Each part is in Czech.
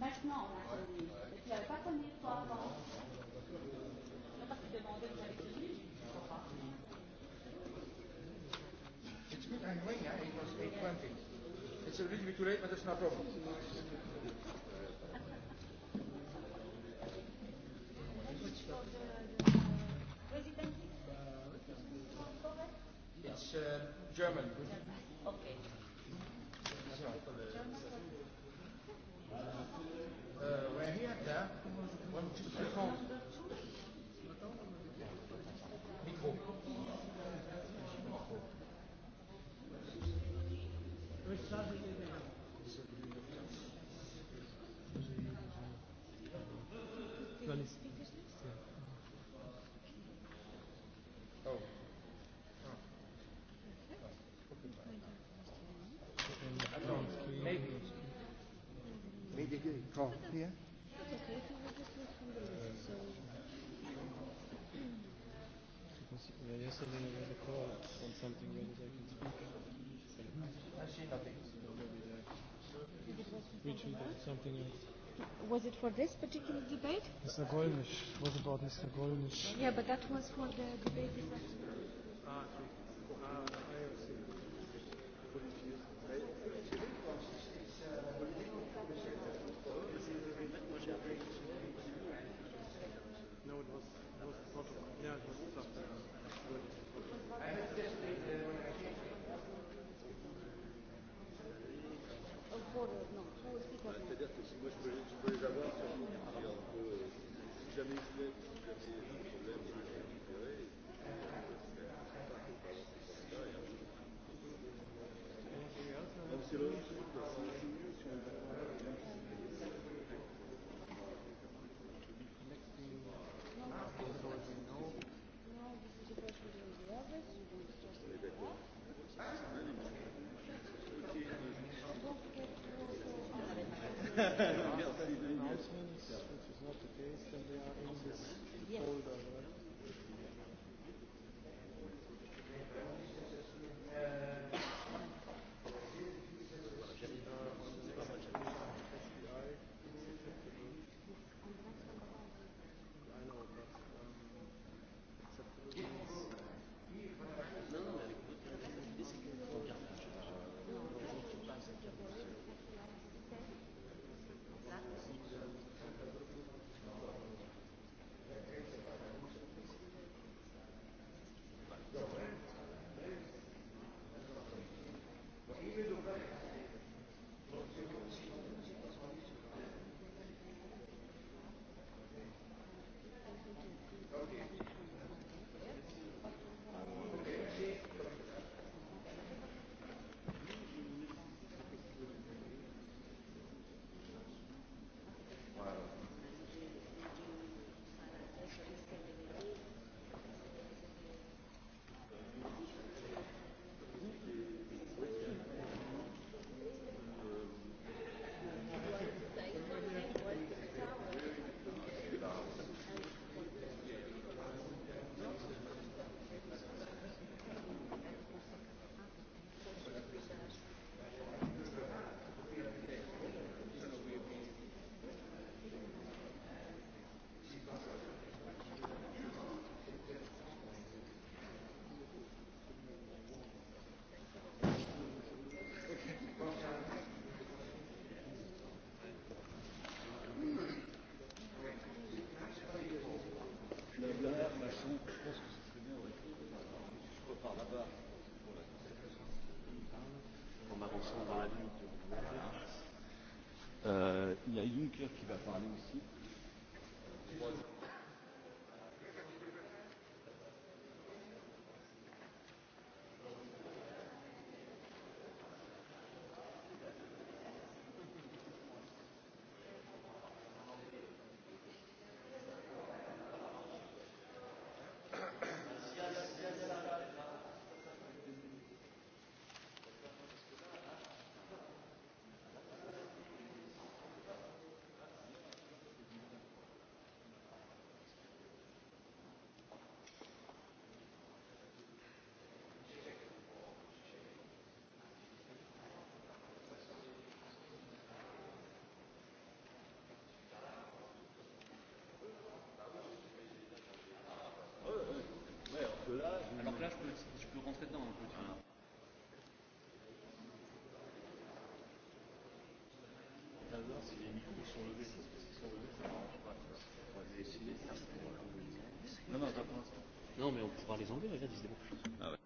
Maintenant, on euh, a connu. Mais tu n'avais pas connu, toi, avant. C'est parce que tu que j'avais connu, je ne comprends pas. It's good I'm going, eh? It was 8.20. It's a little bit too late, but it's no problem. It's uh, German. Okay. German. Uh, we're here, yeah? One, two, three, four. Was it for this particular debate? Mr. Golnisch. It about Mr. Golnisch. Yeah, but that was for the debate ah, C'est-à-dire que si moi je peux, je peux les avoir, si on peut, si jamais je fais, si jamais il y a un problème, je les récupérer. Merci. Il y a Juncker qui va parler aussi. que là. Je... Alors que là, je peux, je peux rentrer dedans un peu, tu vois. Non, non, Non, mais on pourra les enlever, regarde, ils se débrouillent. Ah ouais.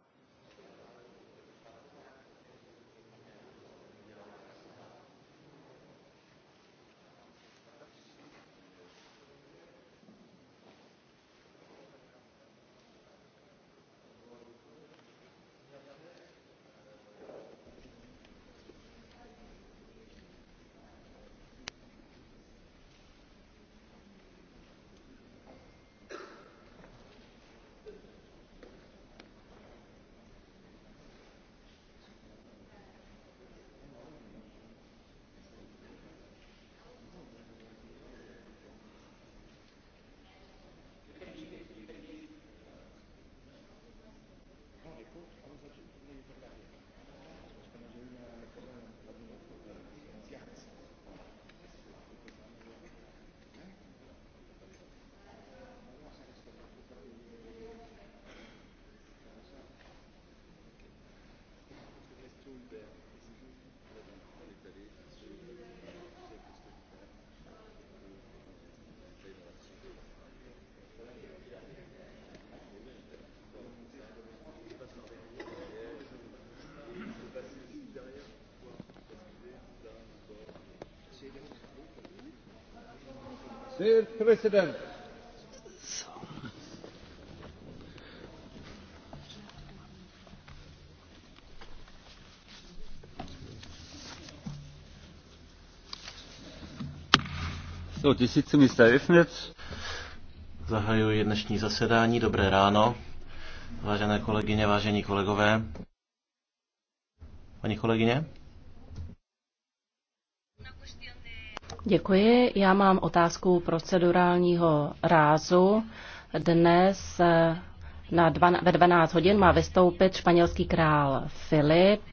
So, die Sitzung eröffnet. Zahajuji dnešní zasedání. Dobré ráno, vážené kolegyně, vážení kolegové. Paní kolegyně? Děkuji. Já mám otázku procedurálního rázu. Dnes eh, na 12, ve 12 hodin má vystoupit španělský král Filip.